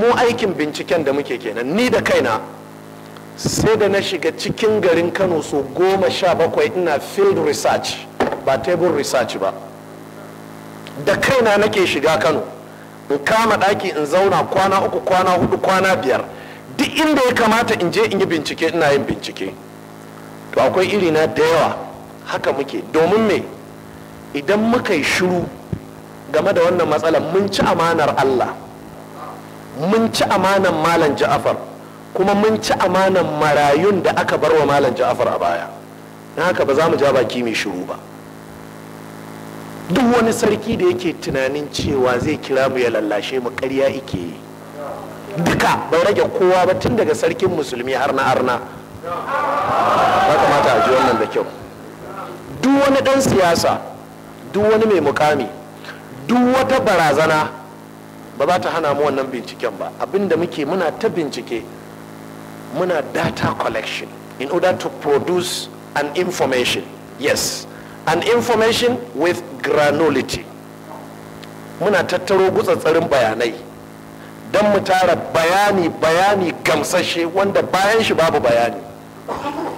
mu aikin binciken da muke kenan ni da kaina sai da na shiga cikin garin kano so goma sha bakwai ina field research ba table research ba da kaina nake shiga kano in kama ɗaki in zauna kwana uku kwana hudu kwana biyar duk inda ya kamata in je in yi bincike ina yin bincike to akwai iri na da yawa haka muke domin me idan muka yi shiru game da wannan matsalar mun ci amanar allah mun ci amanan malam ja'afar kuma mun ci amanan marayun da aka bar wa malam ja'afar a baya na haka ba za mu ja baki mai shiru ba duk wani sarki da yake tunanin cewa zai kira mu ya lallashe mu karya ike yi duka bai rage kowa ba tun daga sarkin musulmi har na arna ba kamata a ji wannan da kyau duk wani ɗan siyasa duk wani mai mukami duk wata barazana ba za ta hana mu wannan binciken ba abinda muke muna ta bincike muna data collection in order to produce an information yes an information with granularity muna tattaro gutsatsarin bayanai don mu tara bayani bayani gamsashe wanda bayan shi babu bayani